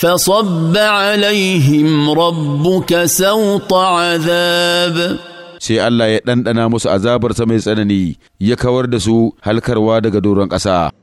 فصب عليهم ربك سوط عذاب sai Allah ya ɗanɗana musu azabarsa mai tsanani ya kawar da su halkarwa daga doron ƙasa.